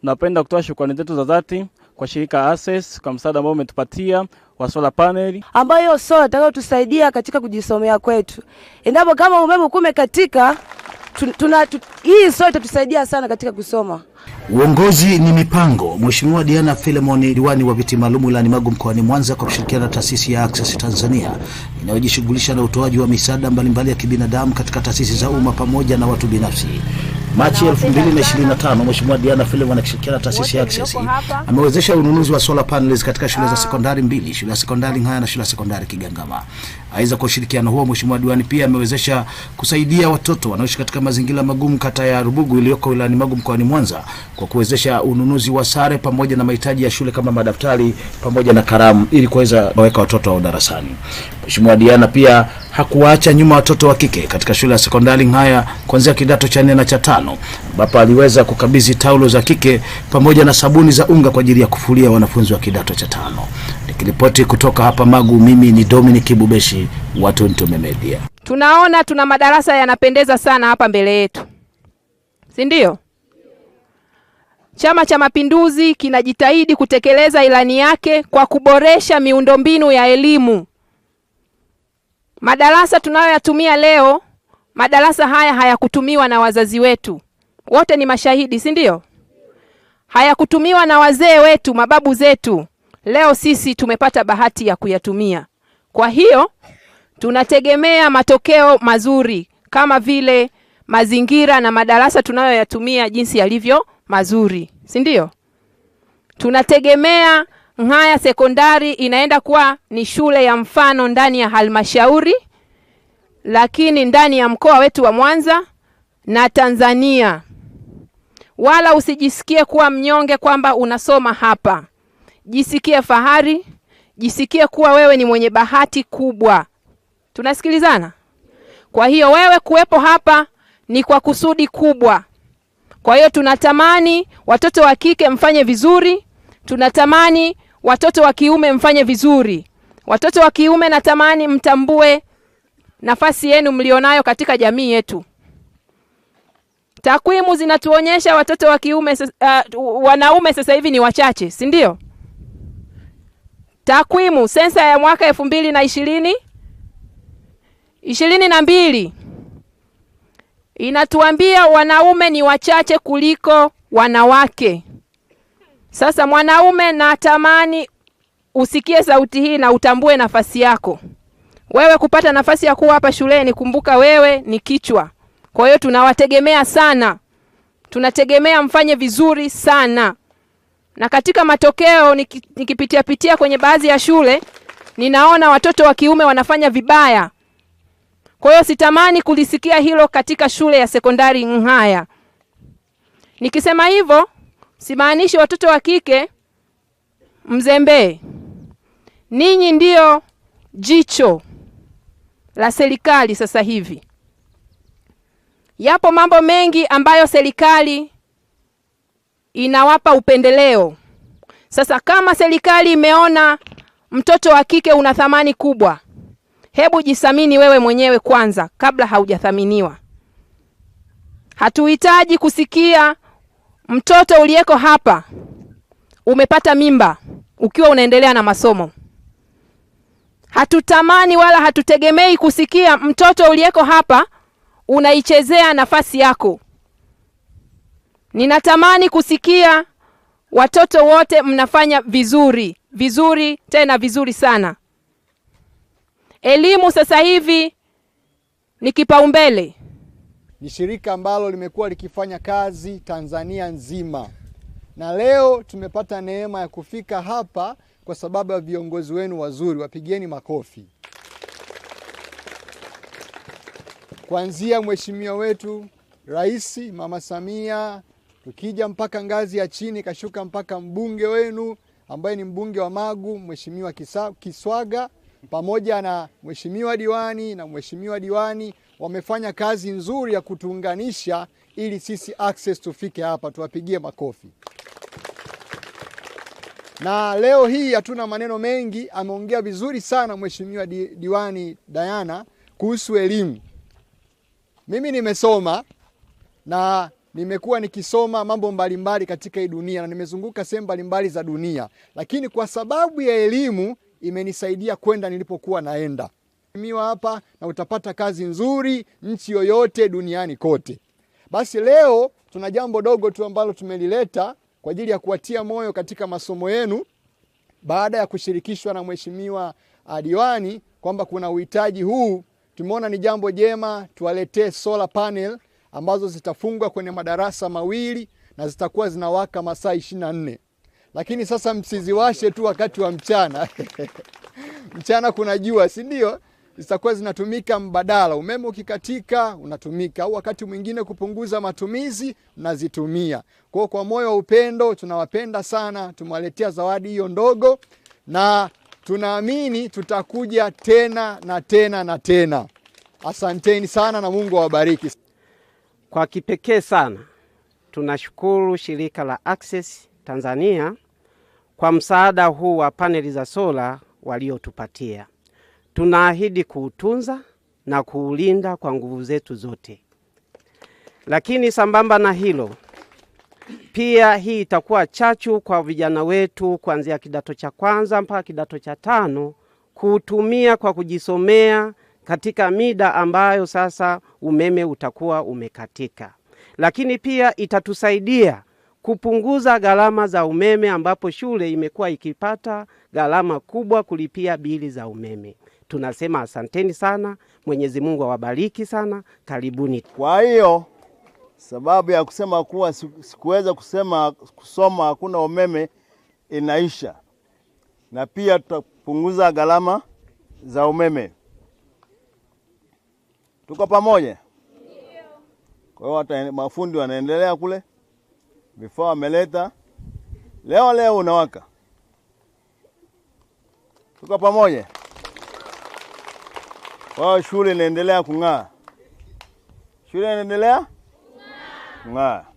Tunapenda kutoa shukrani zetu za dhati kwa shirika Access kwa msaada ambao umetupatia wa solar panel, ambayo sola itakayotusaidia katika kujisomea kwetu, endapo kama umeme umekatika tuna, tu, hii sola itatusaidia sana katika kusoma. Uongozi ni mipango. Mheshimiwa Diana Filemoni, diwani wa viti maalum wilayani Magu mkoani Mwanza, kwa kushirikiana na taasisi ya Access Tanzania inayojishughulisha na utoaji wa misaada mbalimbali ya kibinadamu katika taasisi za umma pamoja na watu binafsi Machi 2025 Mheshimiwa Diana Philip anashirikiana na taasisi ya Access amewezesha ununuzi wa solar panels katika shule za ah. sekondari mbili, shule ya sekondari Ng'haya na shule ya sekondari Kigangama. Aidha, kwa ushirikiano huo Mheshimiwa Diwani pia amewezesha kusaidia watoto wanaoishi katika mazingira magumu kata ya Rubugu iliyoko wilayani Magu mkoani Mwanza kwa kuwezesha ununuzi wa sare pamoja na mahitaji ya shule kama madaftari pamoja na kalamu ili kuweza kuweka watoto wao darasani. Mheshimiwa Diana pia hakuwaacha nyuma watoto wa kike katika shule ya sekondari Ng'haya kuanzia kidato cha nne na cha tano ambapo aliweza kukabidhi taulo za kike pamoja na sabuni za unga kwa ajili ya kufulia wanafunzi wa kidato cha tano. Nikiripoti kutoka hapa Magu, mimi ni Dominic Bubeshi wa Tuntume Media. Tunaona tuna madarasa yanapendeza sana hapa mbele yetu, si ndio? Chama cha Mapinduzi kinajitahidi kutekeleza ilani yake kwa kuboresha miundombinu ya elimu Madarasa tunayoyatumia leo, madarasa haya hayakutumiwa na wazazi wetu, wote ni mashahidi, si ndio? Hayakutumiwa na wazee wetu, mababu zetu. Leo sisi tumepata bahati ya kuyatumia. Kwa hiyo tunategemea matokeo mazuri kama vile mazingira na madarasa tunayoyatumia jinsi yalivyo mazuri, si ndio? Tunategemea Ng'haya Sekondari inaenda kuwa ni shule ya mfano ndani ya halmashauri, lakini ndani ya mkoa wetu wa Mwanza na Tanzania. Wala usijisikie kuwa mnyonge kwamba unasoma hapa. Jisikie fahari, jisikie kuwa wewe ni mwenye bahati kubwa. Tunasikilizana? Kwa hiyo wewe kuwepo hapa ni kwa kusudi kubwa. Kwa hiyo tunatamani watoto wa kike mfanye vizuri, tunatamani watoto wa kiume mfanye vizuri. Watoto wa kiume natamani mtambue nafasi yenu mlionayo katika jamii yetu. Takwimu zinatuonyesha watoto wa kiume uh, wanaume sasa hivi ni wachache, si ndio? Takwimu sensa ya mwaka elfu mbili na ishirini ishirini na mbili inatuambia wanaume ni wachache kuliko wanawake. Sasa mwanaume, natamani usikie sauti hii na utambue nafasi yako. Wewe kupata nafasi ya kuwa hapa shuleni, kumbuka wewe ni kichwa. Kwa hiyo tunawategemea sana, tunategemea mfanye vizuri sana. Na katika matokeo nikipitia pitia kwenye baadhi ya shule ninaona watoto wa kiume wanafanya vibaya. Kwa hiyo sitamani kulisikia hilo katika shule ya sekondari nhaya Nikisema hivyo simaanishi watoto wa kike mzembee. Ninyi ndiyo jicho la serikali sasa hivi. Yapo mambo mengi ambayo serikali inawapa upendeleo. Sasa kama serikali imeona mtoto wa kike una thamani kubwa, hebu jisamini wewe mwenyewe kwanza kabla haujathaminiwa. Hatuhitaji kusikia Mtoto uliyeko hapa umepata mimba ukiwa unaendelea na masomo. Hatutamani wala hatutegemei kusikia mtoto uliyeko hapa unaichezea nafasi yako. Ninatamani kusikia watoto wote mnafanya vizuri vizuri, tena vizuri sana. Elimu sasa hivi ni kipaumbele ni shirika ambalo limekuwa likifanya kazi Tanzania nzima, na leo tumepata neema ya kufika hapa kwa sababu ya viongozi wenu wazuri. Wapigieni makofi. Kuanzia mheshimiwa wetu Rais Mama Samia, tukija mpaka ngazi ya chini, kashuka mpaka mbunge wenu ambaye ni mbunge wa Magu, Mheshimiwa Kiswaga, pamoja na mheshimiwa diwani na mheshimiwa diwani wamefanya kazi nzuri ya kutuunganisha ili sisi Access tufike hapa, tuwapigie makofi. Na leo hii hatuna maneno mengi, ameongea vizuri sana mheshimiwa di, diwani Diana kuhusu elimu. Mimi nimesoma na nimekuwa nikisoma mambo mbalimbali katika hii dunia na nimezunguka sehemu mbalimbali za dunia, lakini kwa sababu ya elimu imenisaidia kwenda nilipokuwa naenda miwa hapa na utapata kazi nzuri nchi yoyote duniani kote. Basi leo tuna jambo dogo tu ambalo tumelileta kwa ajili ya kuwatia moyo katika masomo yenu baada ya kushirikishwa na mheshimiwa ah, diwani kwamba kuna uhitaji huu. Tumeona ni jambo jema tuwaletee solar panel ambazo zitafungwa kwenye madarasa mawili na zitakuwa zinawaka masaa nne Lakini sasa msiziwashe tu wakati wa mchana mchana kuna jua, si ndio? zitakuwa zinatumika mbadala. Umeme ukikatika unatumika, au wakati mwingine kupunguza matumizi nazitumia Kwa hiyo kwa moyo wa upendo tunawapenda sana, tumewaletea zawadi hiyo ndogo na tunaamini tutakuja tena na tena na tena. Asanteni sana na Mungu awabariki. Kwa kipekee sana tunashukuru shirika la Access Tanzania kwa msaada huu wa paneli za sola waliotupatia. Tunaahidi kuutunza na kuulinda kwa nguvu zetu zote. Lakini sambamba na hilo pia hii itakuwa chachu kwa vijana wetu kuanzia kidato cha kwanza mpaka kidato cha tano kuutumia kwa kujisomea katika mida ambayo sasa umeme utakuwa umekatika. Lakini pia itatusaidia kupunguza gharama za umeme ambapo shule imekuwa ikipata gharama kubwa kulipia bili za umeme tunasema asanteni sana, Mwenyezi Mungu awabariki sana, karibuni. Kwa hiyo sababu ya kusema kuwa sikuweza kusema kusoma hakuna umeme inaisha, na pia tutapunguza gharama za umeme. Tuko pamoja? Kwa hiyo mafundi wanaendelea kule, vifaa wameleta leo leo, unawaka. Tuko pamoja? Kwa oh, hiyo shule inaendelea kung'aa, shule inaendelea kung'aa.